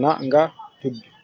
na nga tudd